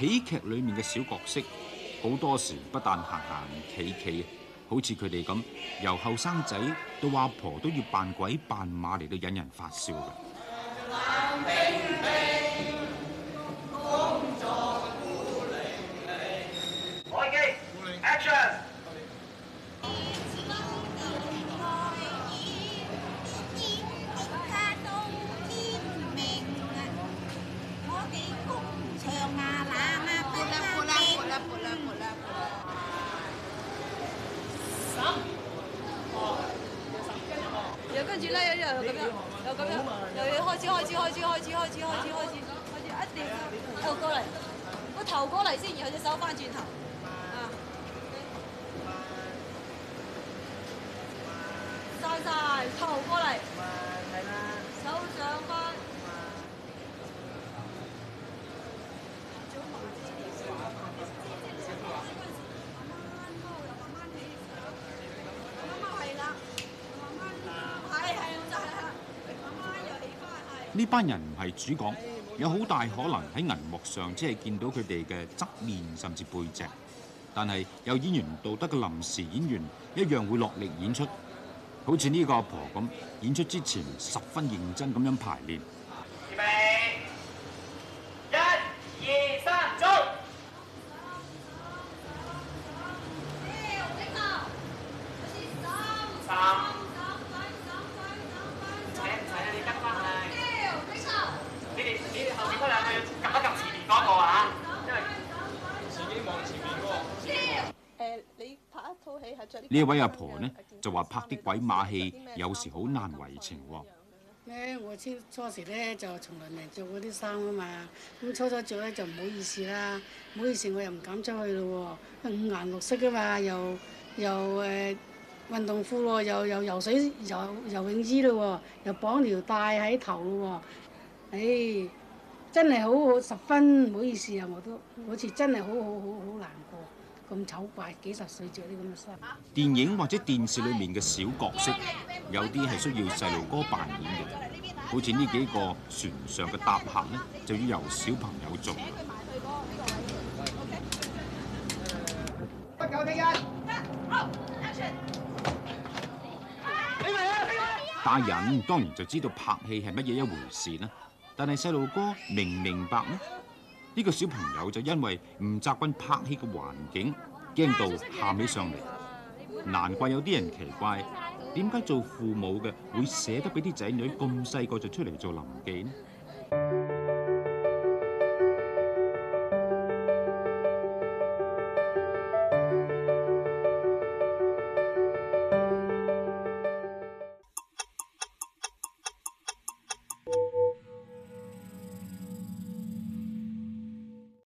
喜劇裡面嘅小角色，好多時不但行行企企，好似佢哋咁，由後生仔到阿婆都要扮鬼扮馬嚟到引人發笑嘅。住啦，一樣又咁樣，又咁樣，又要開始開始開始開始開始開始開始開始，一定要過嚟，個頭過嚟先，然後隻手翻轉頭啊，曬曬頭過。呢班人唔係主角，有好大可能喺銀幕上只係見到佢哋嘅側面甚至背脊。但係有演員道德嘅臨時演員一樣會落力演出，好似呢個阿婆咁，演出之前十分認真咁樣排練。呢位阿婆呢就話拍啲鬼馬戲有時好難為情。咧我初初時呢就從來未着過啲衫噶嘛，咁初初着呢，就唔好意思啦，唔好意思我又唔敢出去咯喎，五顏六色噶嘛，又又誒運動褲喎，又、呃、又，又游水游游泳衣咯喎，又綁條帶喺頭咯喎，唉、哎，真係好好十分唔好意思啊，我都好似真係好好好好難過。咁醜怪，幾十歲做啲咁嘅嘢。電影或者電視裏面嘅小角色，有啲係需要細路哥扮演嘅。好似呢幾個船上嘅搭客，就要由小朋友做。大人當然就知道拍戲係乜嘢一回事啦，但係細路哥明唔明白咩？呢個小朋友就因為唔習慣拍戲嘅環境，驚到喊起上嚟。難怪有啲人奇怪，點解做父母嘅會捨得俾啲仔女咁細個就出嚟做臨記呢？